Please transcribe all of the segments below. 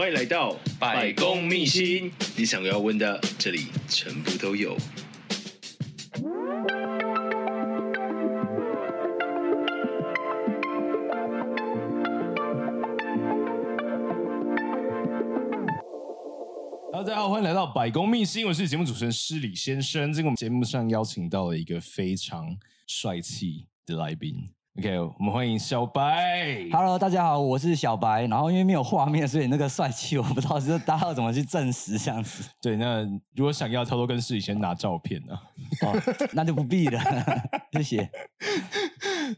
歡迎來到百工，百工秘辛，你想要問的這裡全部都有。大家好，歡迎來到百工秘辛，我是節目主持人失禮先生。今天我們節目上邀請到了一個非常帥氣的來賓。OK，我們歡迎小白。Hello，大家好，我是小白。然後因為沒有畫面，所以那個帥氣我不知道是大家要怎麼去證實這樣子。對，那如果想要，偷偷跟助理先拿照片呢、啊 哦？那就不必了， 謝謝。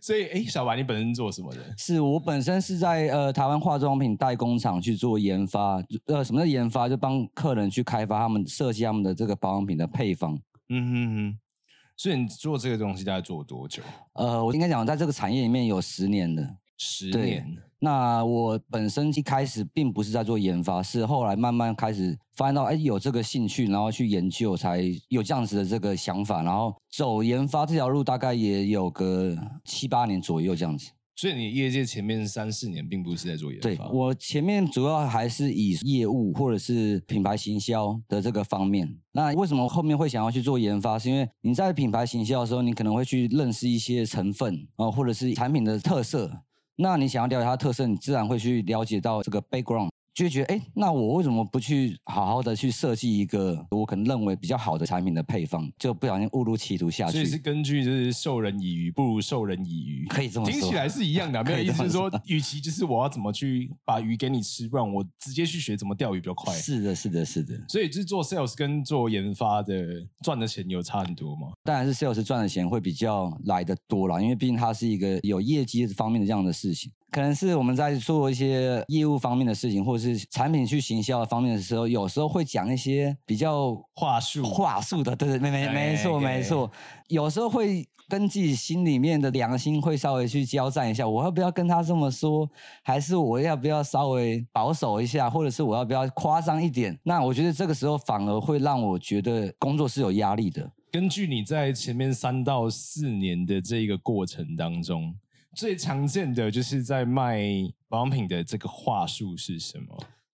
所以，哎、欸，小白，你本身做什麼的？是我本身是在呃台灣化妝品代工廠去做研發。呃，什麼叫研發？就幫客人去開發他們設計他們的這個保養品的配方。嗯哼哼。所以你做這個東西大概做多久？呃，我應該講，在這個產業裡面有十年了。十年。那我本身一開始並不是在做研發，是後來慢慢開始發現到，哎，有這個興趣，然後去研究，才有這樣子的這個想法，然後走研發這條路，大概也有個七八年左右這樣子。所以你業界前面三四年並不是在做研發？對，我前面主要還是以業務或者是品牌行銷的這個方面。那為什麼後面會想要去做研發？是因為你在品牌行銷的時候，你可能會去認識一些成分啊、呃，或者是產品的特色。那你想要了解它的特色，你自然會去了解到這個 background。就覺得哎、欸，那我為什麼不去好好的去設計一個我可能認為比較好的產品的配方？就不小心誤入歧途下去。所以是根據就是授人以魚，不如授人以漁。可以這麼說，聽起來是一樣的、啊，沒有意思說， 與其就是我要怎麼去把魚給你吃，不然我直接去學怎麼釣魚比較快。是的，是的，是的。所以就是做 sales 跟做研發的賺的錢有差很多嗎？當然是 sales 賺的錢會比較來得多啦，因為畢竟它是一個有業績方面的這樣的事情。可能是我們在做一些業務方面的事情，或者是產品去行銷的方面的時候，有時候會講一些比較話術，話術的，對對，沒沒沒錯沒錯，有時候會跟自己心裡面的良心會稍微去交戰一下，我要不要跟他這麼說，還是我要不要稍微保守一下，或者是我要不要誇張一點？那我覺得這個時候反而會讓我覺得工作是有壓力的。根據你在前面三到四年的這個過程當中。最常見的就是在賣保養品的這個話術是什麼？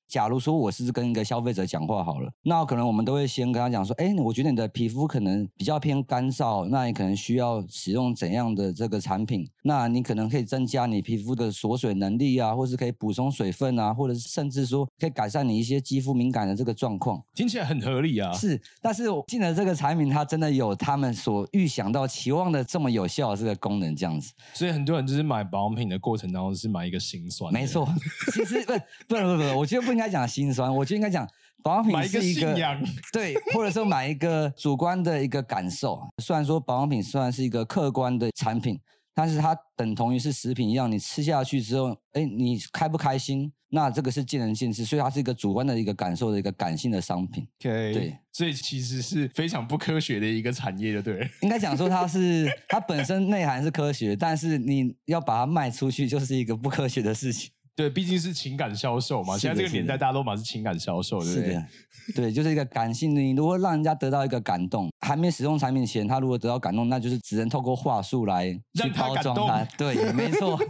假如說我是跟一個消費者講話好了，那可能我們都會先跟他講說，哎，我覺得你的皮膚可能比較偏乾燥，那你可能需要使用怎樣的這個產品？那你可能可以增加你皮膚的鎖水能力啊，或是可以補充水分啊，或者是甚至說可以改善你一些肌膚敏感的這個狀況。聽起來很合理啊。是，但是我進了這個產品，它真的有他們所預想到期望的這麼有效的這個功能這樣子。所以很多人就是買保養品的過程當中是買一個心酸。沒錯，其實 不不不不，不，我今天不。應該講心酸，我就應該講保養品是一個，信仰 對，或者說買一個主觀的一個感受。雖然說保養品雖然是一個客觀的產品，但是它等同於是食品一樣，你吃下去之後，哎、欸，你開不開心？那這個是見仁見智，所以它是一個主觀的一個感受的一個感性的商品。Okay, 對，所以其實是非常不科學的一個產業對，對不對？應該講說它是它本身內涵是科學，但是你要把它賣出去，就是一個不科學的事情。對，畢竟是情感銷售嘛。現在這個年代，大家都嘛是情感銷售，對不對？對，就是一個感性。你如果讓人家得到一個感動， 還沒使用產品前，他如果得到感動，那就是只能透過話術來去包裝他讓他感動。 對，沒錯。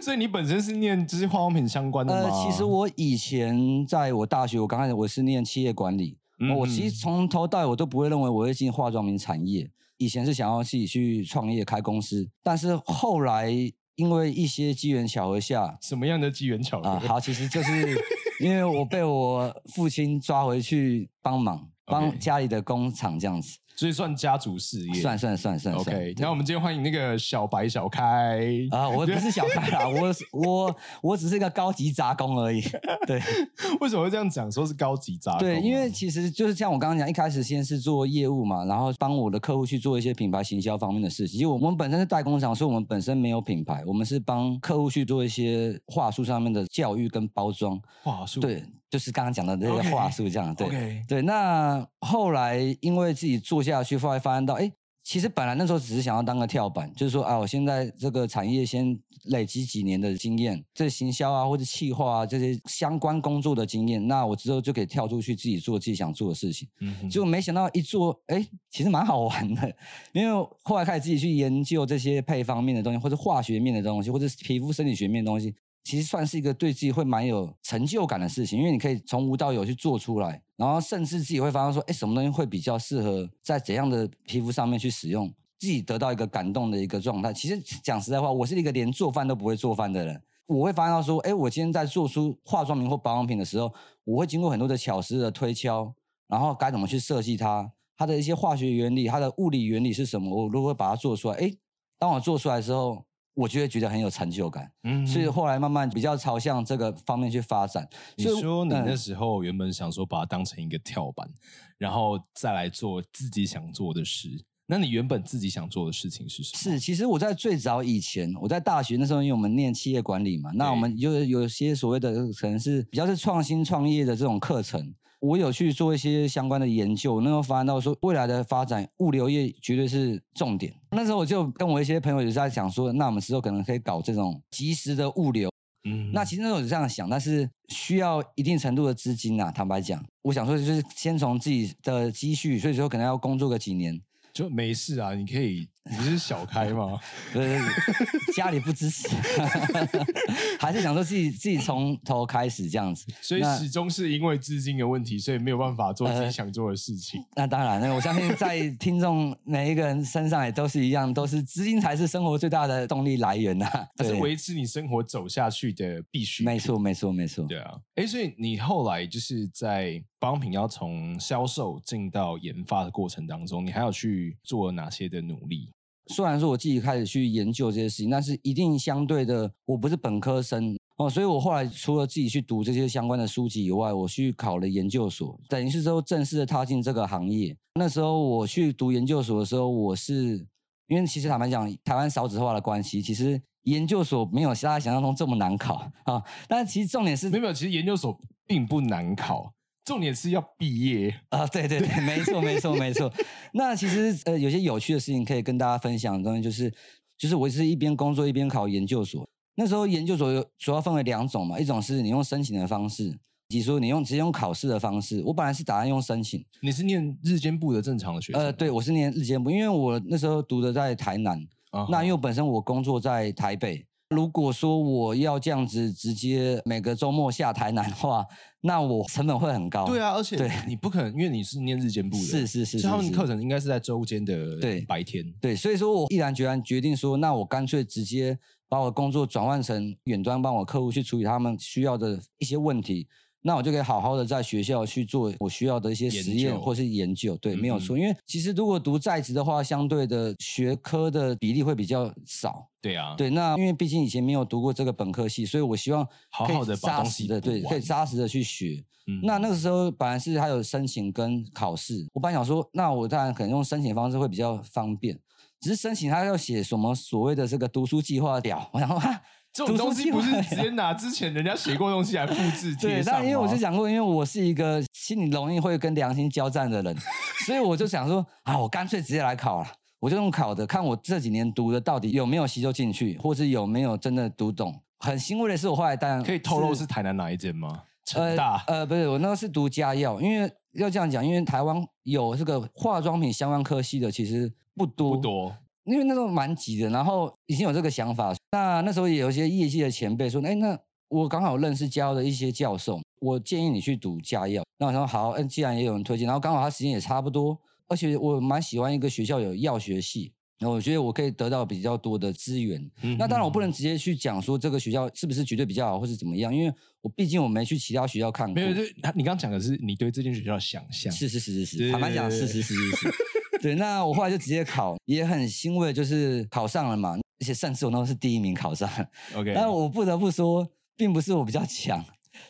所以你本身是念這些、就是、化妝品相關的嗎？呃，其實我以前在我大學，我剛開始我是念企業管理、嗯。我其實從頭到尾我都不會認為我會進化妝品產業。以前是想要自己去創業開公司，但是後來。因為一些機緣巧合下，什麼樣的機緣巧合？啊，好，其實就是因為我被我父親抓回去幫忙，幫 家裡的工廠這樣子。所以算家族事業，算算算算，算，算，算 OK。那我們今天歡迎那個小白小開啊、呃，我不是小開啦， 我我我只是一個高級雜工而已。對， 為什麼會這樣講？說是高級雜工？對，因為其實就是像我剛剛講，一開始先是做業務嘛，然後幫我的客戶去做一些品牌行銷方面的事情。因為我們本身是代工廠，所以我們本身沒有品牌，我們是幫客戶去做一些話術上面的教育跟包裝話術。對，就是剛剛講的這些話術這樣。Okay, 對、okay. 對，那後來因為自己做。下去後來現到哎、欸，其實本來，那時候只是想要當個跳板，就是說啊，我現在這個產業先累積幾年的經驗，這行銷啊或者企劃啊這些相關工作的經驗，那我之後就可以跳出去自己做自己想做的事情。嗯，結果沒想到一做哎、欸，其實蠻好玩的，因為後來開始自己去研究這些配方面的東西，或者化學面的東西，或者皮膚生理學面的東西，其實算是一個對自己會蠻有成就感的事情，因為你可以從無到有去做出來。然後甚至自己會發現說，哎，什麼東西會比較適合在怎樣的皮膚上面去使用，自己得到一個感動的一個狀態。其實講實在話，我是一個連做飯都不會做飯的人，我會發現到說，哎，我今天在做出化妝品或保養品的時候，我會經過很多的巧思的推敲，然後該怎麼去設計它，它的一些化學原理、它的物理原理是什麼，我如果把它做出來，哎，當我做出來之後。我覺得覺得很有成就感，嗯，所以後來慢慢比較朝向這個方面去發展。你說你那時候原本想說把它當成一個跳板，嗯，然後再來做自己想做的事。那你原本自己想做的事情是什麼？是，其實我在最早以前，我在大學那時候，因為我們念企業管理嘛，那我們就是有些所謂的可能是比較是創新創業的這種課程。我有去做一些相關的研究，那時候發現到說未來的發展，物流業絕對是重點。那時候我就跟我一些朋友也在講說，那我們之後可能可以搞這種即時的物流。嗯，那其實那時候我是這樣想，但是需要一定程度的資金吶、啊。坦白講，我想說就是先從自己的積蓄，所以說可能要工作個幾年就沒事啊，你可以。你不是小開嗎？ 不是，家裡不支持， 還是想說自己自己從頭開始這樣子。所以始終是因為資金的問題，所以沒有辦法做自己想做的事情。呃、那當然，了，我相信在聽眾每一個人身上也都是一樣，都是資金才是生活最大的動力來源吶、啊。它是維持你生活走下去的必須。沒錯，沒錯，沒錯。對啊，哎、欸，所以你後來就是在保養品要從銷售進到研發的過程當中，你還要去做哪些的努力？雖然說我自己開始去研究這些事情，但是一定相對的，我不是本科生哦，所以我後來除了自己去讀這些相關的書籍以外，我去考了研究所，等於是說正式的踏進這個行業。那時候我去讀研究所的時候，我是因為其實坦白講，台灣少子化的關係，其實研究所沒有大家想象中這麼難考啊、哦。但是其實重點是，沒有，其實研究所並不難考。重點是要畢業啊！對對對，沒錯沒錯沒錯。沒錯 那其實呃，有些有趣的事情可以跟大家分享的東西就是，就是我是一邊工作一邊考研究所。那時候研究所有主要分為兩種嘛，一種是你用申請的方式，以及說你用直接用考試的方式。我本來是打算用申請。你是念日間部的正常的學生？呃，對，我是念日間部，因為我那時候讀的在台南。Uh -huh. 那因為我本身我工作在台北。如果說我要這樣子直接每個周末下台南的話，那我成本會很高。對啊，而且對你不可能，因為你是念日間部的。是是是，是是是，所以他們的課程應該是在周間的白天對。對，所以說我毅然決然決定說，那我乾脆直接把我的工作轉換成遠端，幫我客戶去處理他們需要的一些問題。那我就可以好好的在學校去做我需要的一些實驗或是研究，對，沒有錯、嗯。因為其實如果讀在職的話，相對的學科的比例會比較少。對啊，對，那因為畢竟以前沒有讀過這個本科系，所以我希望可以好好的扎實的，對，可以扎實的去學。嗯、那那個時候本來是還有申請跟考試，我本來想說，那我當然可能用申請方式會比較方便，只是申請他要寫什麼所謂的這個讀書計劃表，然後他。哈哈這種東西不是直接拿之前人家寫過東西來複制貼上嗎？對，那因為我是講過，因為我是一個心裡容易會跟良心交戰的人， 所以我就想說啊，我乾脆直接來考了，我就用考的看我這幾年讀的到底有沒有吸收進去，或是有沒有真的讀懂。很欣慰的是，我後來當然可以透露是台南哪一間嗎？呃、成大呃，不是，我那個是讀嘉藥，因為要這樣講，因為台灣有這個化妝品相關科系的其實不多不多。因為那時候蠻急的，然後已經有這個想法。那那時候也有一些業界的前輩說：“哎、欸，那我剛好認識嘉藥的一些教授，我建議你去讀嘉藥。”那我說：“好，嗯、欸，既然也有人推薦，然後剛好他時間也差不多，而且我蠻喜歡一個學校有藥學系，那我覺得我可以得到比較多的資源嗯嗯。那當然我不能直接去講說，這個學校是不是絕對比較好或是怎麼樣，因為我畢竟我沒去其他學校看過。對對就是、你剛剛講的是你對這間學校的想象。是是是是是，坦白講是是是是是。 對，那我後來就直接考，也很欣慰，就是考上了嘛。而且上次我都是第一名考上。Okay, OK，但我不得不說，並不是我比較強，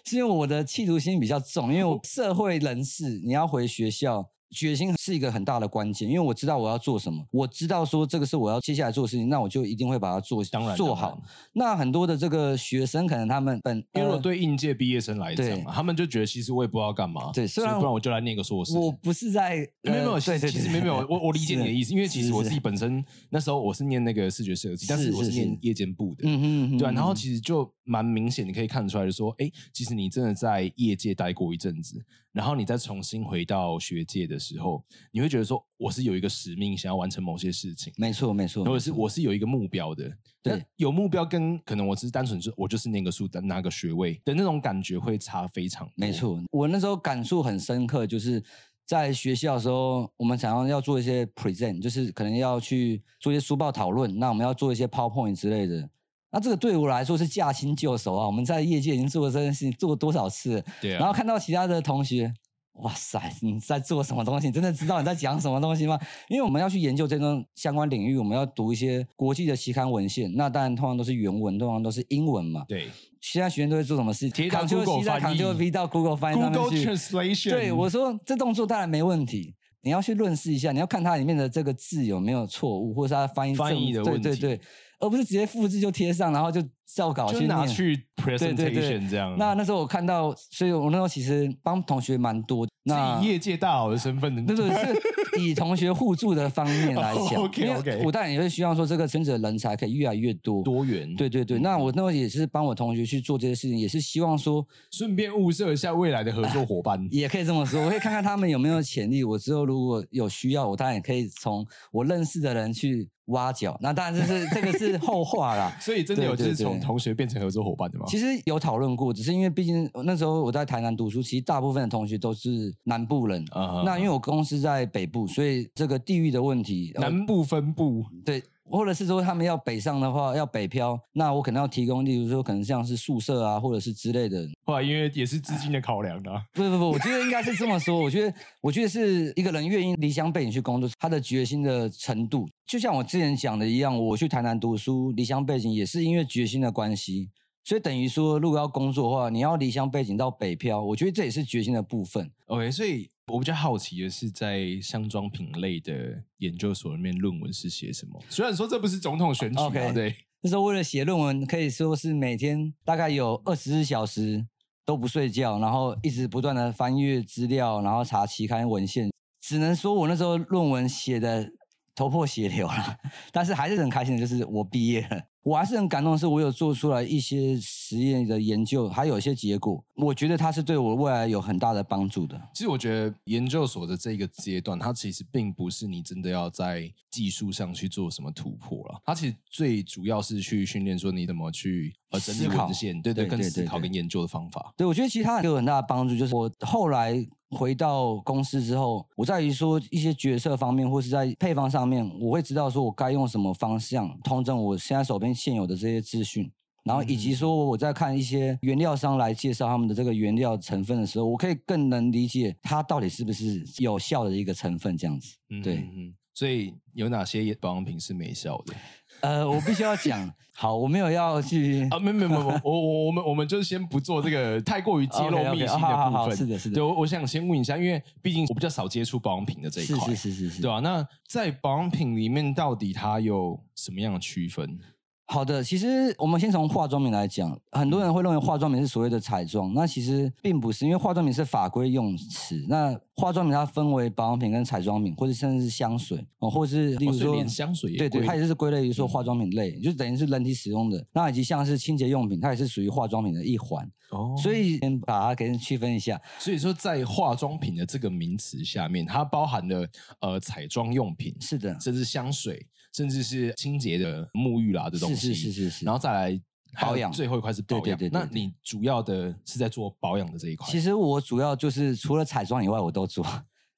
是因為我的企圖心比較重，因為我社會人士，你要回學校。決心是一個很大的關鍵，因為我知道我要做什麼，我知道說這個是我要接下來做的事情，那我就一定會把它做當然當然做好。那很多的這個學生，可能他們本因為我對應屆畢業生來講，他們就覺得其實我也不知道要幹嘛。對，所以不然我就來念一個碩士。我不是在，呃、沒有沒有對，其實沒有沒有，我我理解你的意思的。因為其實我自己本身那時候我是念那個視覺設計，是但是我是念夜間部的。嗯嗯，對、啊、嗯哼嗯哼，然後其實就。蠻明顯，你可以看出來，就說，哎、欸，其實你真的在業界待過一陣子，然後你再重新回到學界的時候，你會覺得說，我是有一個使命，想要完成某些事情。沒錯，沒錯。我是我是有一個目標的。對、嗯，有目標跟可能，我只是單純就我就是念個書，拿個學位，的那種感覺會差非常多。沒錯，我那時候感觸很深刻，就是在學校的時候，我們想要要做一些 present，就是可能要去做一些書報討論，那我們要做一些 PowerPoint 之類的。那這個對我來說是駕輕就熟啊！我們在業界已經做了這件事情，做了多少次了，對啊？然後看到其他的同學，哇塞，你在做什麼東西？真的知道你在講什麼東西嗎？ 因為我們要去研究這種相關領域，我們要讀一些國際的期刊文獻。那當然，通常都是原文，通常都是英文嘛。對。其他學員都會做什麼事？扛出 Google V 到 Google 翻譯上去。Google Translation。對，我說這動作當然沒問題。你要去潤飾一下，你要看它裡面的這個字有沒有錯誤，或者是它的譯翻譯的問題。對對對。而不是直接複制就貼上，然後就照稿去就拿去 presentation 對對對這樣。那那時候我看到，所以我那時候其實幫同學蠻多。那以業界大佬的身份的，不 是是，以同學互助的方面來講、 oh,，OK, okay. 因為我當然也是希望說，這個圈子的人才可以越來越多，多元。對對對，那我那時候也是幫我同學去做這些事情，也是希望說，順便物色一下未來的合作伙伴，呃、也可以這麼說。我可以看看他們有沒有潛力，我之後如果有需要，我當然也可以從我認識的人去。挖角，那當然這是這個是後話啦。 所以真的有就是從同學變成合作夥伴的嗎？對對對，其實有討論過，只是因為畢竟那時候我在台南讀書，其實大部分的同學都是南部人啊。Uh -huh. 那因為我公司在北部，所以這個地域的問題，南部分部、嗯、對。或者是說他們要北上的話，要北漂，那我可能要提供，例如說可能像是宿舍啊，或者是之類的，哇、啊，因為也是資金的考量啊。啊。不不不，我覺得應該是這麼說。我覺得我覺得是一個人願意離鄉背景去工作，他的決心的程度，就像我之前講的一樣，我去台南讀書，離鄉背景也是因為決心的關係。所以等於說，如果要工作的話，你要離鄉背景到北漂，我覺得這也是決心的部分。OK，所以。我比較好奇的是，在香妝品類的研究所裡面，論文是寫什麼？雖然說這不是總統選舉嘛、啊 okay，對，那時候為了寫論文，可以說是每天大概有二十四小時都不睡覺，然後一直不斷的翻閱資料，然後查期刊文獻，只能說我那時候論文寫的頭破血流了，但是還是很開心的，就是我畢業了。我還是很感動的是，我有做出來一些實驗的研究，還有一些結果，我覺得它是對我未來有很大的幫助的。其實我覺得研究所的這個階段，它其實並不是你真的要在技術上去做什麼突破了，它其實最主要是去訓練說你怎麼去。思考線，對對，更思考跟研究的方法。對，我覺得其實它給我很大的幫助。就是我後來回到公司之後，我在於說一些決策方面，或是在配方上面，我會知道說我該用什麼方向，統整我現在手邊現有的這些資訊，然後以及說我在看一些原料商來介紹他們的這個原料成分的時候，我可以更能理解它到底是不是有效的一個成分，這樣子。對。所以有哪些保養品是沒效的？呃，我必須要講， 好，我沒有要去啊，沒沒沒沒，我我我們我們就先不做這個太過於揭露秘辛的部分 okay, okay, 好好好。是的，是的。對，我我想先問一下，因為畢竟我比較少接觸保養品的這一塊，是是,是是是是，對吧、啊？那在保養品裡面，到底它有什麼樣的區分？好的，其實我們先從化妝品來講，很多人會認為化妝品是所謂的彩妝，那其實並不是，因為化妝品是法規用詞。那化妝品它分為保養品跟彩妝品，或者甚至是香水，哦，或是例如說、哦、香水也，對對，它也是歸類於說化妝品類，嗯、就等於是人體使用的。那以及像是清潔用品，它也是屬於化妝品的一環。哦，所以先把它給你區分一下。所以說，在化妝品的這個名詞下面，它包含了呃彩妝用品，是的，甚至香水。甚至是清潔的沐浴啦的東西，是是是是是，然後再來保養，最後一塊是保養，對對對對對對。那你主要的是在做保養的這一塊？其實我主要就是除了彩妝以外我都做，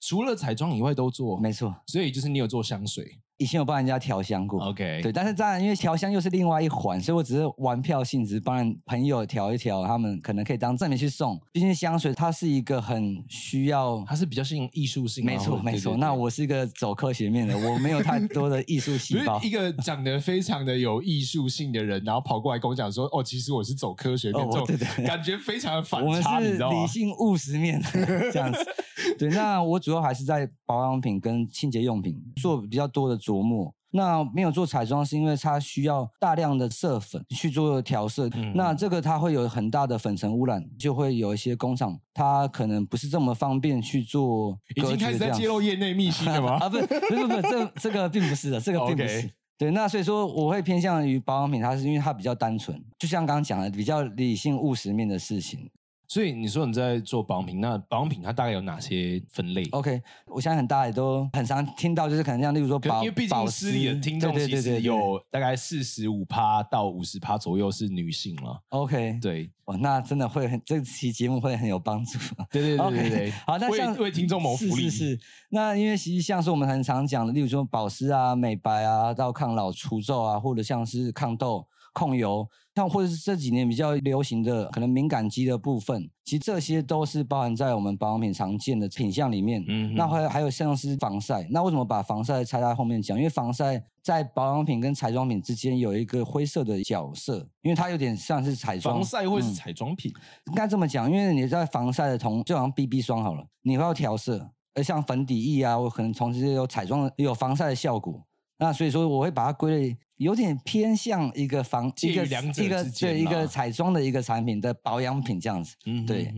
除了彩妝以外都做，沒錯。所以就是你有做香水。以前有幫人家調香過，OK，對，但是當然，因為調香又是另外一環，所以我只是玩票性質，幫人朋友調一調，他們可能可以當贈品去送。畢竟香水它是一個很需要，它是比較適應藝術性，沒錯沒錯。那我是一個走科學面的，我沒有太多的藝術細胞。 一個長得非常的有藝術性的人，然後跑過來跟我講說：“哦，其實我是走科學面的，對對，哦、感覺非常的反差，我們是理性務實面 你知道嗎？ 這樣子。對，那我主要還是在保養品跟清潔用品做比較多的。琢磨，那沒有做彩妝是因為它需要大量的色粉去做調色，嗯，那這個它會有很大的粉塵污染，就會有一些工廠它可能不是這麼方便去做。已經開始在揭露業內秘辛了嗎？ 啊，不不是不是，這個、這個並不是的，這個並不是。Okay. 對，那所以說我會偏向於保養品，它是因為它比較單純，就像剛剛講的比較理性務實面的事情。所以你說你在做保養品，那保養品它大概有哪些分類？OK，我相信大家也都很常聽到，就是可能像例如說保保濕，因為畢竟失禮的聽眾其實有大概四十五趴到五十趴左右是女性了。OK，對，哇，那真的會很這期節目會很有幫助。對對對對對，okay，好，那為各位聽眾謀福利是，是是。那因為其實像是我們很常講的，例如說保濕啊、美白啊，到抗老、除皺啊，或者像是抗痘、控油。像或者是這幾年比較流行的，可能敏感肌的部分，其實這些都是包含在我們保養品常見的品項裡面。嗯，那還有還有像是防曬，那為什麼把防曬拆在後面講？因為防曬在保養品跟彩妝品之間有一個灰色的角色，因為它有點像是彩妝。防曬會是彩妝品？嗯，應該這麼講，因為你在防曬的同，就好像 BB 霜好了，你要調色，像粉底液啊，我可能同時有彩妝，有防曬的效果。那所以說，我會把它歸類。有點偏向一個防兩者、啊、一個一個這一個彩妝的一個產品的保養品這樣子，嗯，對，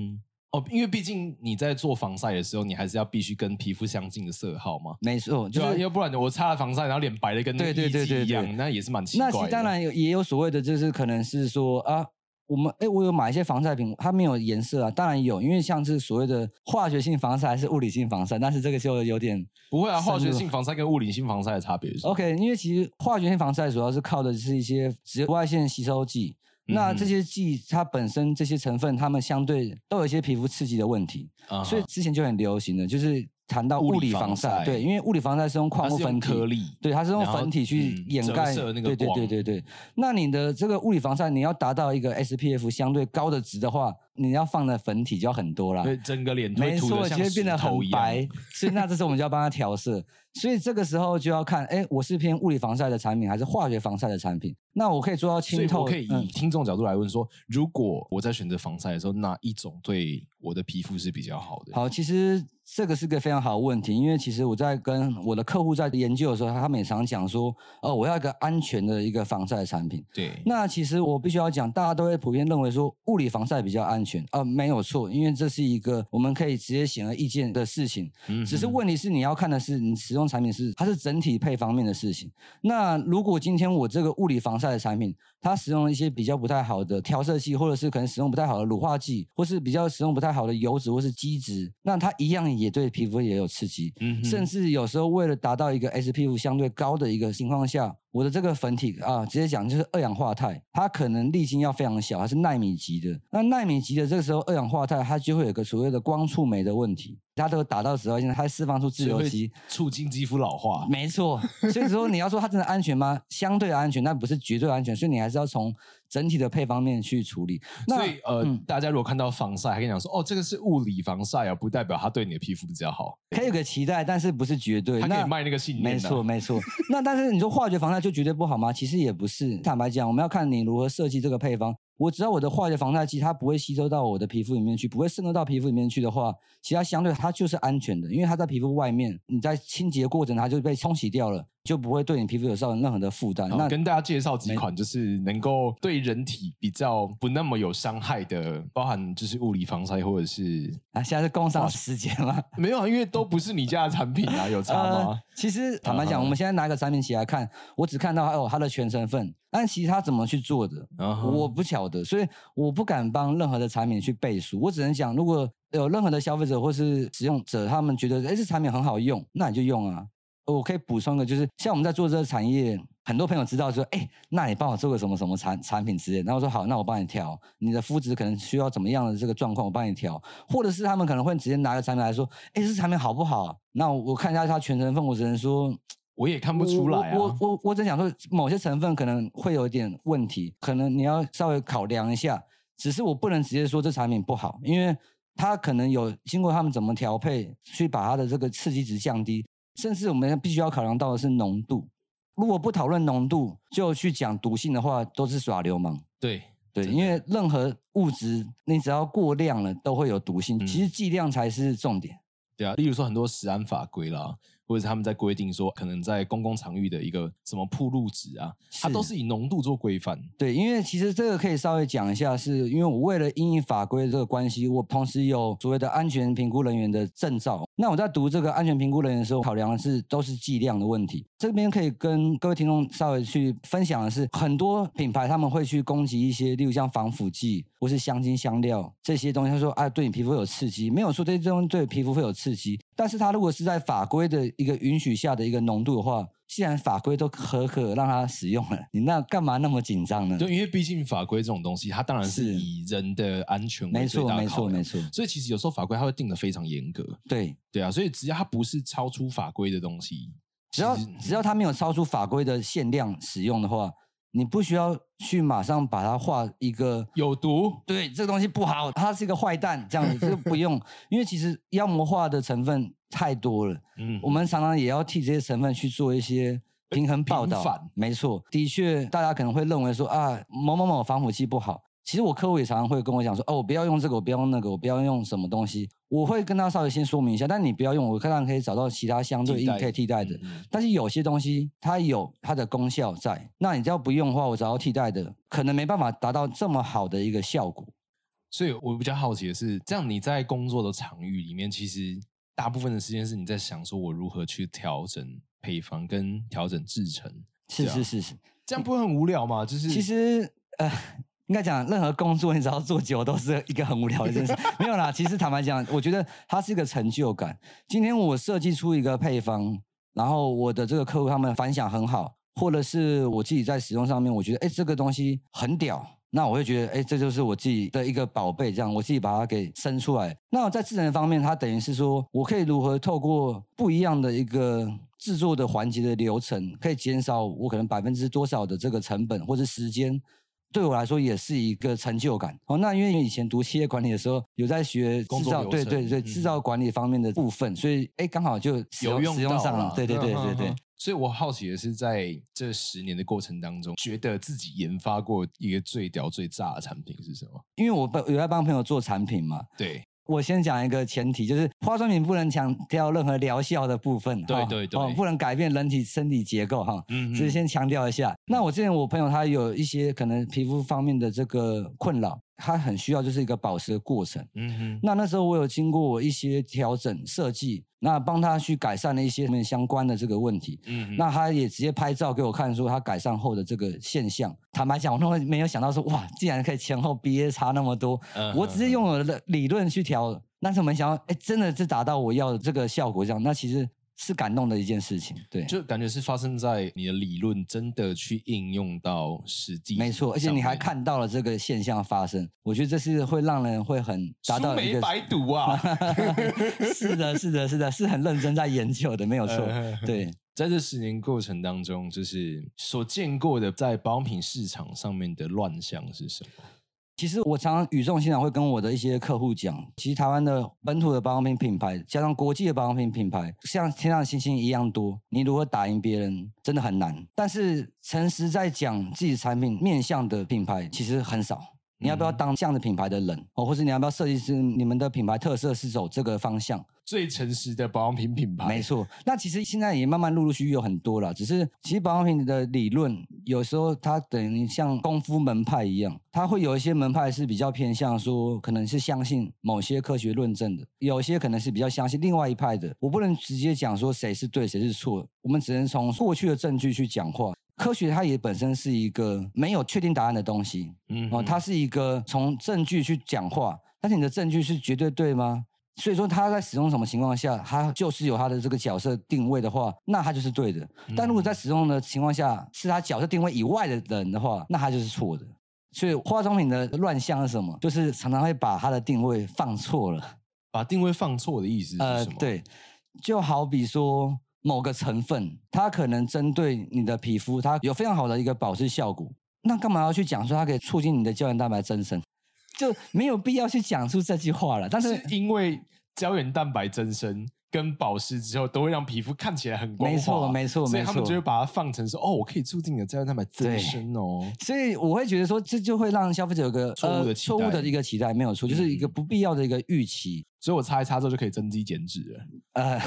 哦，因為畢竟你在做防曬的時候，你還是要必須跟皮膚相近的色號嘛，沒錯，就要、是啊、不然我擦了防曬，然後臉白的跟那個樣對對對對一樣，那也是蠻奇怪的。那其實當然有也有所謂的，就是可能是說啊。我們哎，我有買一些防曬品，它沒有顏色啊。當然有，因為像是所謂的化學性防曬還是物理性防曬，但是這個就有點不會啊。化學性防曬跟物理性防曬的差別是。OK，因為其實化學性防曬主要是靠的是一些紫外線吸收劑、嗯，那這些劑它本身這些成分，它們相對都有一些皮膚刺激的問題、嗯，所以之前就很流行的就是。談到物理，物理防曬，對，因為物理防曬是用礦物粉體顆粒，對，它是用粉體去掩蓋，嗯、對，對對對對對。那你的這個物理防曬，你要達到一個 SPF 相對高的值的話。你要放的粉體就要很多啦，對，整個臉都會塗沒塗的其實變得很白， 所以那這時候我們就要幫他調色，所以這個時候就要看，哎，我是偏物理防曬的產品，還是化學防曬的產品？那我可以做到清透。所以，我可以以聽眾角度來問說，嗯，如果我在選擇防曬的時候，哪一種對我的皮膚是比較好的？好，其實這個是個非常好的問題，因為其實我在跟我的客戶在研究的時候，他們也常講說，哦，我要一個安全的一個防曬的產品。對，那其實我必須要講，大家都會普遍認為說，物理防曬比較安全。啊，沒有錯，因為這是一個我們可以直接顯而易見的事情。嗯，只是問題是你要看的是你使用產品是它是整體配方面的事情。那如果今天我這個物理防曬的產品，它使用一些比較不太好的調色劑，或者是可能使用不太好的乳化劑，或是比較使用不太好的油脂或是基質，那它一樣也對皮膚也有刺激。嗯，甚至有時候為了達到一個 SPF 相對高的一個情況下，我的這個粉體啊，直接講就是二氧化鈦，它可能粒徑要非常小，還是奈米級的。那奈米級的這個時候，二氧化鈦它就會有個所謂的光觸媒的問題。它都打到紫外線，它會釋放出自由基，促進肌膚老化。沒錯， 所以說你要說它真的安全嗎？相對安全，但不是絕對安全。所以你還是要從整體的配方面去處理。那所以呃、嗯，大家如果看到防曬，還跟你講說哦，這個是物理防曬啊，不代表它對你的皮膚比較好。可以有個期待，但是不是絕對？它，它可以賣那個信念，啊。沒錯，沒錯。那但是你說化學防曬就絕對不好嗎？其實也不是。坦白講，我們要看你如何設計這個配方。我知道我的化學防曬劑它不會吸收到我的皮膚裡面去，不會滲透到皮膚裡面去的話，其他相對它就是安全的，因為它在皮膚外面，你在清潔的過程它就被沖洗掉了。就不會對你皮膚有造成任何的負擔、嗯。那跟大家介紹幾款，就是能夠對人體比較不那麼有傷害的，包含就是物理防曬或者是啊，現在是工商時間啦，沒有、啊，因為都不是你家的產品啊， 有差嗎、呃？其實坦白講、嗯，我們現在拿一個產品起來看，我只看到還有它的全成分，但其實它怎麼去做的，嗯、我不曉得，所以我不敢幫任何的產品去背書。我只能講，如果有任何的消費者或是使用者，他們覺得哎、欸、這產品很好用，那你就用啊。我可以補充一個，就是像我們在做這個產業，很多朋友知道說，哎、欸，那你幫我做個什麼什麼產產品之類。然後我說好，那我幫你調你的膚質可能需要怎麼樣的這個狀況，我幫你調。或者是他們可能會直接拿個產品來說，哎、欸，這產品好不好、啊？那我看一下它全成分，我只能說我也看不出來啊。我我我只想說，某些成分可能會有一點問題，可能你要稍微考量一下。只是我不能直接說這產品不好，因為它可能有經過他們怎麼調配去把它的這個刺激值降低。甚至我們必須要考量到的是濃度，如果不討論濃度就去講毒性的話，都是耍流氓。對對，因為任何物質你只要過量了都會有毒性。嗯，其實劑量才是重點。對啊，例如說很多食安法規啦。或者是他們在規定說，可能在公共場域的一個什麼暴露值啊，它都是以濃度做規範。對，因為其實這個可以稍微講一下是，是因為我為了因應法規的這個關係，我同時有所謂的安全評估人員的證照。那我在讀這個安全評估人員的時候，考量的是都是劑量的問題。這邊可以跟各位聽眾稍微去分享的是，很多品牌他們會去攻擊一些，例如像防腐劑或是香精香料這些東西，就是、說啊，對你皮膚有刺激。沒有說這些東西對皮膚會有刺激，但是它如果是在法規的一個允許下的一個濃度的話，既然法規都合格讓它使用了、啊，你那幹嘛那麼緊張呢？對，因為畢竟法規這種東西，它當然是以人的安全為主沒錯沒錯。所以其實有時候法規它會定得非常嚴格。對對啊，所以只要它不是超出法規的東西。只要只要它沒有超出法規的限量使用的話，你不需要去馬上把它畫一個有毒。對，這個東西不好，它是一個壞蛋，這樣子就不用。 因為其實妖魔化的成分太多了，嗯，我們常常也要替這些成分去做一些平衡報道。沒錯，的確，大家可能會認為說啊，某某某防腐劑不好。其實我客戶也常常會跟我講說，哦，我不要用這個，我不要用那個，我不要用什麼東西。我會跟他稍微先說明一下，但你不要用，我看上可以找到其他相對應可以替代的替代，嗯。但是有些東西它有它的功效在，那你只要不用的話，我找到替代的可能沒辦法達到這麼好的一個效果。所以，我比較好奇的是，這樣你在工作的場域裡面，其實大部分的時間是你在想說我如何去調整配方跟調整製程。是、啊、是，是是是，這樣不會很無聊嗎？就是其實呃。應該講，任何工作你只要做久，都是一個很無聊的事。 沒有啦，其實坦白講，我覺得它是一個成就感。今天我設計出一個配方，然後我的這個客戶他們反響很好，或者是我自己在使用上面，我覺得哎，這個東西很屌，那我會覺得哎，這就是我自己的一個寶貝，這樣我自己把它給生出來。那在智能方面，它等於是說我可以如何透過不一樣的一個製作的環節的流程，可以減少我可能百分之多少的這個成本或者時間。對我來說也是一個成就感哦。那因為以前讀企業管理的時候，有在學製造工作，對對對，製造管理方面的部分，嗯、所以哎，剛好就使用有用到、啊使用上了啊，對對對對對，對、啊啊啊。所以我好奇的是，在這十年的過程當中，覺得自己研發過一個最屌最炸的產品是什麼？因為我幫有在幫朋友做產品嘛，嗯、對。我先講一個前提，就是化妝品不能強調任何療效的部分，對對對，哦，不能改變人體身體結構哈，哦嗯，只是先強調一下。那我之前我朋友他有一些可能皮膚方面的這個困擾。他很需要就是一個保持的過程。嗯嗯。那那時候我有經過一些調整設計，那幫他去改善了一些什麼相關的這個問題。嗯。那他也直接拍照給我看，說他改善後的這個現象。坦白講，我都沒有想到說，哇，竟然可以前後 B A 差那麼多。嗯。我只是用我的理論去調。那時候沒想到，哎、欸，真的是達到我要的這個效果這樣。那其實。是感動的一件事情，對，就感覺是發生在你的理論真的去應用到實際，沒錯，而且你還看到了這個現象發生，我覺得這是會讓人會很達到一個，書沒白讀啊！ 是的，是的，是的，是很認真在研究的，沒有錯。 對，在這十年過程當中，就是所見過的在保養品市場上面的亂象是什麼？其實我常常語重心長會跟我的一些客戶講，其實台灣的本土的保養品品牌加上國際的保養品品牌，像天上的星星一樣多。你如何打贏別人，真的很難。但是誠實在講自己產品面向的品牌，其實很少。你要不要當這樣的品牌的人哦、嗯？或者你要不要設計師？你們的品牌特色是走這個方向？最誠實的保養品品牌，沒錯。那其實現在也慢慢陸陸續續有很多了。只是其實保養品的理論，有時候它等於像功夫門派一樣，它會有一些門派是比較偏向說，可能是相信某些科學論證的，有些可能是比較相信另外一派的。我不能直接講說誰是對誰是錯，我們只能從過去的證據去講話。科學它也本身是一個沒有確定答案的東西，嗯，哦，它是一個從證據去講話，但是你的證據是絕對對嗎？所以說，他在使用什麼情況下，他就是有他的這個角色定位的話，那他就是對的；但如果在使用的情況下是他角色定位以外的人的話，那他就是錯的。所以，化妝品的亂象是什麼？就是常常會把它的定位放錯了。把定位放錯的意思是什麼？呃，對，就好比說某個成分，它可能針對你的皮膚，它有非常好的一個保濕效果，那幹嘛要去講說它可以促進你的膠原蛋白增生？就沒有必要去講出這句話了。但是，是因為膠原蛋白增生跟保濕之後，都會讓皮膚看起來很光滑。沒錯，沒錯，沒錯。所以他們就會把它放成說：“哦，我可以促進你的膠原蛋白增生哦。”所以我會覺得說，這就會讓消費者有個錯誤的、呃、錯誤的一個期待，沒有錯、嗯，就是一個不必要的一個預期。所以我擦一擦之後就可以增肌減脂了？呃，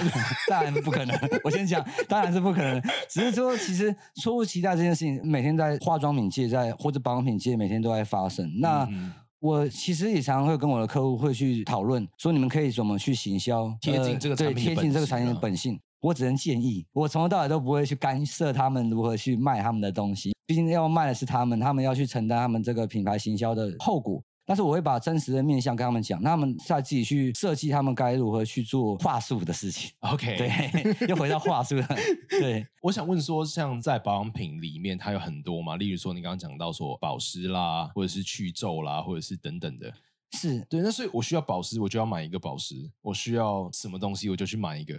當然不可能。 我先講，當然是不可能。只是說，其實錯誤期待這件事情，每天在化妝品界在，在或者保養品界，每天都在發生。那、嗯我其實也常常會跟我的客戶會去討論，說你們可以怎麼去行銷，貼近這個產品，對，貼近這個產品的本性。我只能建議，我從頭到尾都不會去干涉他們如何去賣他們的東西，畢竟要賣的是他們，他們要去承擔他們這個品牌行銷的後果。但是我會把真實的面相跟他們講，那他們再自己去設計他們該如何去做話術的事情。OK，對，又回到話術了。 對，我想問說，像在保養品裡面，它有很多嘛？例如說，你剛剛講到說保濕啦，或者是去皺啦，或者是等等的。是，對。那所以，我需要保濕，我就要買一個保濕；我需要什麼東西，我就去買一個。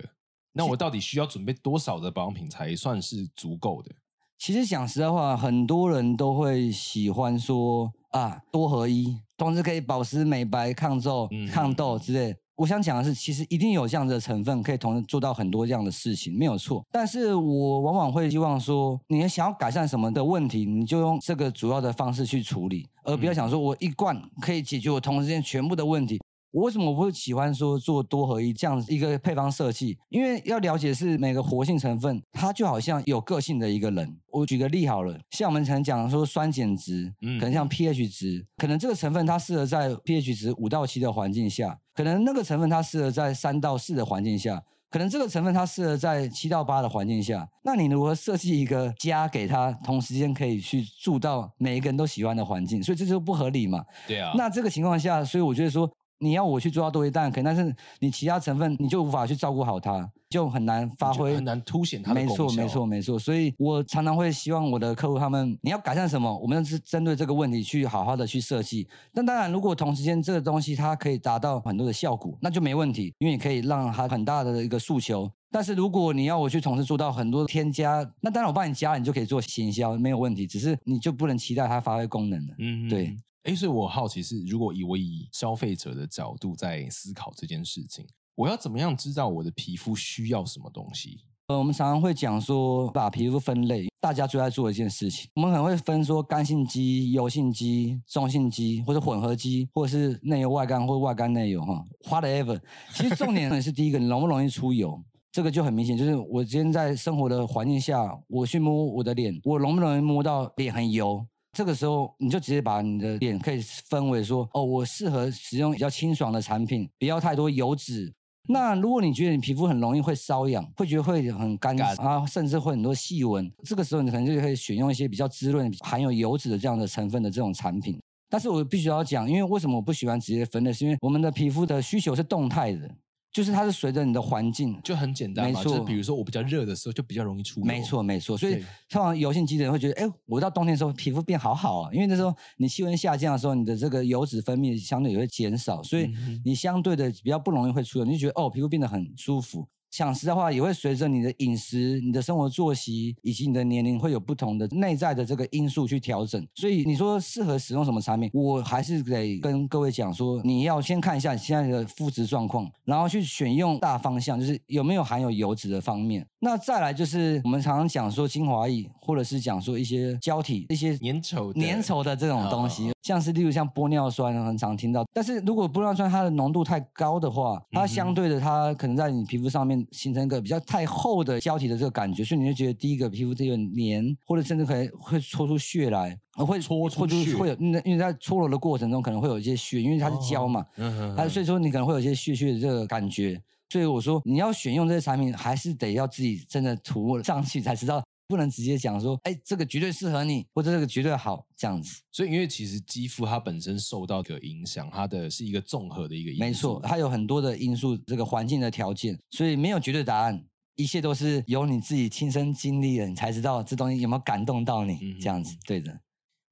那我到底需要準備多少的保養品才算是足夠的？其實講實在話，很多人都會喜歡說。啊，多合一，同時可以保濕、美白、抗、嗯、抗皺、抗痘之類、嗯。我想講的是，其實一定有這樣子的成分可以同時做到很多這樣的事情，沒有錯。但是我往往會希望說，你想要改善什麼的問題，你就用這個主要的方式去處理，而不要想說我一罐可以解決我同時間全部的問題。嗯。我為什麼不喜歡說做多合一這樣一個配方設計？因為要了解是每個活性成分，它就好像有個性的一個人。我舉個例好了，像我們常講說酸鹼值，嗯，可能像 pH 值，可能這個成分它適合在 pH 值五到七的環境下，可能那個成分它適合在三到四的環境下，可能這個成分它適合在七到八的環境下。那你如何設計一個家，給它，同時間可以去住到每一個人都喜歡的環境？所以這就不合理嘛？對啊。那這個情況下，所以我覺得說。你要我去做到多一檔，可以，但是你其他成分你就無法去照顧好它，就很難發揮，很難凸顯它的功效。沒錯，沒錯，沒錯。所以我常常會希望我的客戶他們，你要改善什麼，我們是針對這個問題去好好的去設計。但當然，如果同時間這個東西它可以達到很多的效果，那就沒問題，因為你可以讓它很大的一個訴求。但是如果你要我去同時做到很多添加，那當然我幫你加，你就可以做行銷，沒有問題，只是你就不能期待它發揮功能了。嗯，對。誒，所以我好奇是，如果以我以消費者的角度在思考這件事情，我要怎麼樣知道我的皮膚需要什麼東西？呃，我們常常會講說，把皮膚分類，大家最愛做的一件事情，我們可能會分說乾性肌、油性肌、中性肌，或者混合肌，或者是內油外乾或者外乾內油，哈，whatever。其實重點是第一個， 你容不容易出油，這個就很明顯，就是我今天在生活的環境下，我去摸我的臉，我容不容易摸到臉很油？這個時候，你就直接把你的臉可以分為說，哦，我適合使用比較清爽的產品，不要太多油脂。那如果你覺得你皮膚很容易會瘙癢，會覺得會很乾，啊，甚至會很多細紋，這個時候你可能就可以選用一些比較滋潤、含有油脂的這樣的成分的這種產品。但是我必須要講，因為為什麼我不喜歡直接分類，是因為我們的皮膚的需求是動態的。就是它是隨着你的環境，就很簡單嘛。沒錯就是、比如說我比較熱的時候，就比較容易出油沒錯沒錯，所以像油性肌的人會覺得，哎，我到冬天的時候皮膚變好好啊，因為那時候你氣溫下降的時候，你的這個油脂分泌相對也會減少，所以你相對的比較不容易會出油，嗯、你就覺得哦，皮膚變得很舒服。搶食的話，也會隨着你的飲食、你的生活作息以及你的年齡，會有不同的內在的這個因素去調整。所以你說適合使用什麼產品，我還是得跟各位講說，你要先看一下你現在的膚質狀況，然後去選用大方向，就是有沒有含有油脂的方面。那再來就是我們常常講說精華液，或者是講說一些膠體、一些粘稠粘稠的這種東西。像是例如像玻尿酸，很常聽到。但是如果玻尿酸它的濃度太高的話，它相對的它可能在你皮膚上面形成一個比較太厚的膠體的這個感覺，所以你就覺得第一個皮膚這個黏，或者甚至可能會搓出血來，會搓出血，會有，因為因為在搓揉的過程中可能會有一些血，因為它是膠嘛，嗯、哦啊，所以說你可能會有一些血血的這個感覺。所以我說你要選用這個產品，還是得要自己真的塗上去才知道。不能直接講說，哎、欸，這個絕對適合你，或者這個絕對好，這樣子。所以，因為其實肌膚它本身受到的影響，它的是一個綜合的一個因素。沒錯，它有很多的因素，這個環境的條件，所以沒有絕對答案。一切都是由你自己親身經歷了，你才知道這東西有沒有感動到你、嗯、這樣子。對的。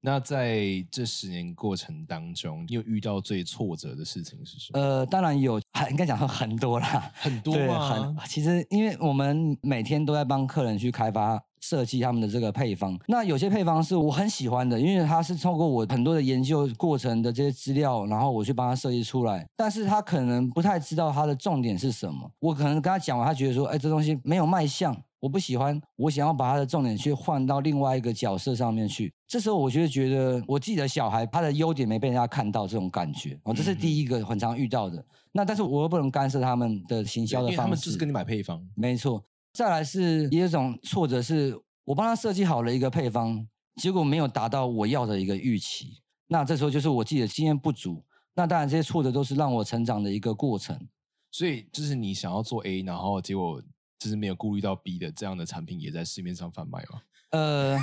那在這十年過程當中，你有遇到最挫折的事情是什麼？呃，當然有，還應該講很多啦，很多 對，很其實，因為我們每天都在幫客人去開發。設計他們的這個配方，那有些配方是我很喜歡的，因為它是透過我很多的研究過程的這些資料，然後我去幫他設計出來。但是他可能不太知道他的重點是什麼，我可能跟他講完，他覺得說，哎、欸，這東西沒有賣相，我不喜歡，我想要把他的重點去換到另外一個角色上面去。這時候，我就會覺得我自己的小孩他的優點沒被人家看到，這種感覺哦，這是第一個很常遇到的。那但是我又不能干涉他們的行銷的方式，因為他們只是跟你買配方，沒錯。再來是也有一種挫折是，是我幫他設計好了一個配方，結果沒有達到我要的一個預期。那這時候就是我自己的經驗不足。那當然，這些挫折都是讓我成長的一個過程。所以，就是你想要做 A，然後結果就是沒有顧慮到 B 的這樣的產品，也在市面上販賣嗎？呃，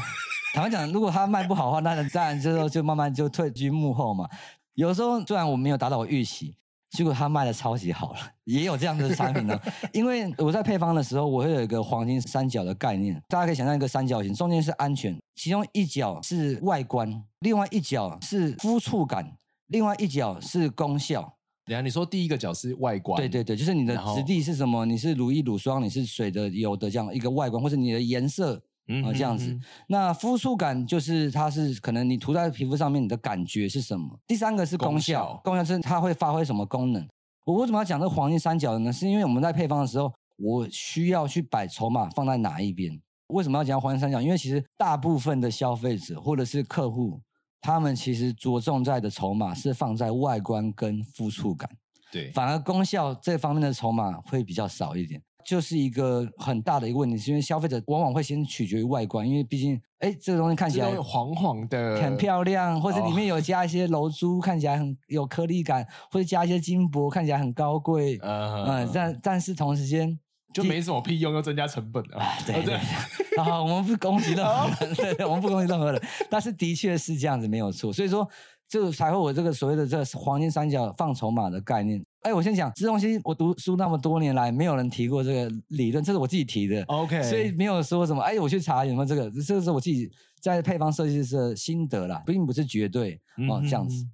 坦白講，如果它賣不好的話，那當然就是就慢慢就退居幕後嘛。有時候，雖然我沒有達到我預期。結果他賣的超級好了，也有這樣的產品呢、啊。 因為我在配方的時候，我會有一個黃金三角的概念。大家可以想象一個三角形，中間是安全，其中一角是外觀，另外一角是膚觸感，另外一角是功效。對啊，你說第一個角是外觀，對對對，就是你的質地是什麼，你是乳液、乳霜，你是水的、油的這樣一個外觀，或是你的顏色。啊，這樣子。嗯、哼哼。那膚觸感就是它是可能你塗在皮膚上面，你的感覺是什麼？第三個是功效，功效，功效是它會發揮什麼功能？我為什麼要講這個黃金三角呢？是因為我們在配方的時候，我需要去擺籌碼放在哪一邊？為什麼要講黃金三角？因為其實大部分的消費者或者是客戶，他們其實着重在的籌碼是放在外觀跟膚觸感。嗯，對，反而功效這方面的籌碼會比較少一點。就是一個很大的一個問題，是因為消費者往往會先取決於外觀，因為畢竟，哎，這個東西看起來黃黃的，很漂亮，或者裡面有加一些柔珠，看起來很有顆粒感，或者加一些金箔，看起來很高貴。嗯、uh -huh. 嗯，但但是同時間就沒什麼屁用，又增加成本了。啊、對，對對， 啊，我們不攻擊任何人，uh -huh. 對對，我們不攻擊任何人，但是的確是這樣子，沒有錯。所以說，就才會有這個所謂的這個黃金三角放籌碼的概念。哎，我先講這東西，我讀書那麼多年來，沒有人提過這個理論，這是我自己提的。OK，所以沒有說什麼。哎，我去查有沒有這個，這個是我自己在配方設計師的心得啦，並不是絕對、嗯、哦，這樣子。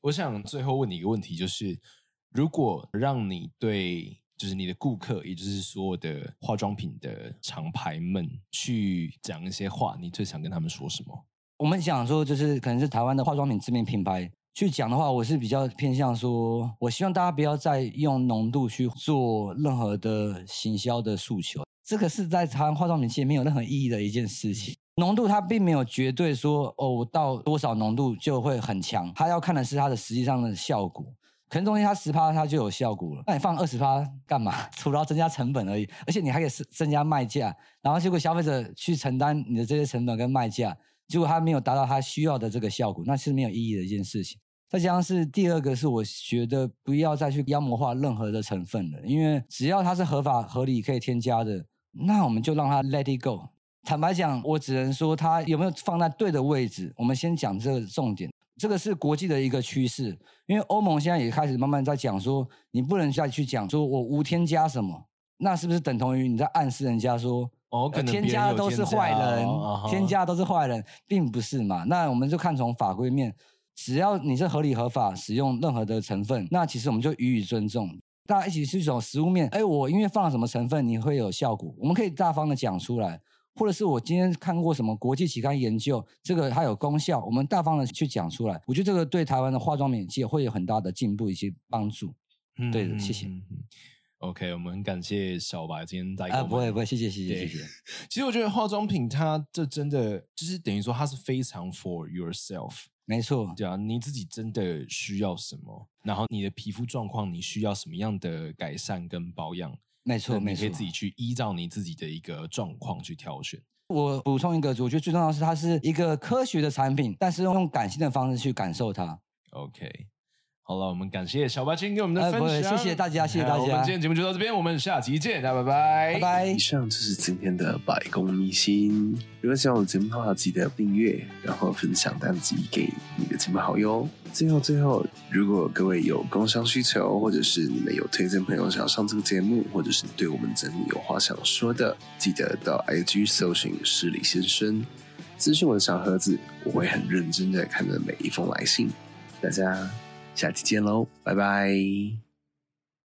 我想最後問你一個問題，就是如果讓你對，就是你的顧客，也就是所有的化妝品的廠牌們去講一些話，你最想跟他們說什麼？我們想說，就是可能是台灣的化妝品知名品牌。去講的話，我是比較偏向說，我希望大家不要再用濃度去做任何的行銷的訴求，這個是在它化妝品界沒有任何意義的一件事情。嗯、濃度它並沒有絕對說，哦，到多少濃度就會很強，它要看的是它的實際上的效果。可能中間它十趴它就有效果了，那你放二十趴幹嘛？除了要增加成本而已，而且你還可以增加賣價，然後結果消費者去承擔你的這些成本跟賣價。如果它沒有達到它需要的這個效果，那是沒有意義的一件事情。再加上是第二個，是我覺得不要再去妖魔化任何的成分了，因為只要它是合法、合理可以添加的，那我們就讓它 let it go。坦白講，我只能說它有沒有放在對的位置。我們先講這個重點，這個是國際的一個趨勢，因為歐盟現在也開始慢慢在講說，你不能再去講說我無添加什麼，那是不是等同於你在暗示人家說，哦，可能添加的都是壞人，哦人哦啊，添加都是壞人，並不是嘛。那我們就看從法規面，只要你是合理合法使用任何的成分，那其實我們就予以尊重。大家一起是一種食物面，哎，我因為放了什麼成分，你會有效果，我們可以大方的講出來，或者是我今天看過什麼國際期刊研究，這個它有功效，我們大方的去講出來。我覺得這個對台灣的化妝品界會有很大的進步以及幫助。對的，嗯、謝謝。OK，我們感謝小白今天帶給我們。啊，不會不會，謝謝謝謝謝謝。其實我覺得化妝品它這真的就是等於說它是非常 for yourself，沒錯。對啊，你自己真的需要什麼？然後你的皮膚狀況，你需要什麼樣的改善跟保養？沒錯沒錯，你可以自己去依照你自己的一個狀況去挑選。我補充一個，我覺得最重要是它是一個科學的產品，但是用感性的方式去感受它。OK。好了，我們感謝小白君給我們的分享。哎，謝謝大家，謝謝大家。我們今天節目就到這邊，我們下期見，大、啊、家拜拜拜拜。以上就是今天的百工秘辛。如果喜歡我們節目的話，記得訂閱，然後分享單集給你的親朋好友。最後最後，如果各位有工商需求，或者是你們有推薦朋友想要上這個節目，或者是對我們真的有話想說的，記得到 IG 搜尋失禮先生，諮詢我的小盒子，我會很認真的看着每一封來信。大家。下期見嘍，拜拜。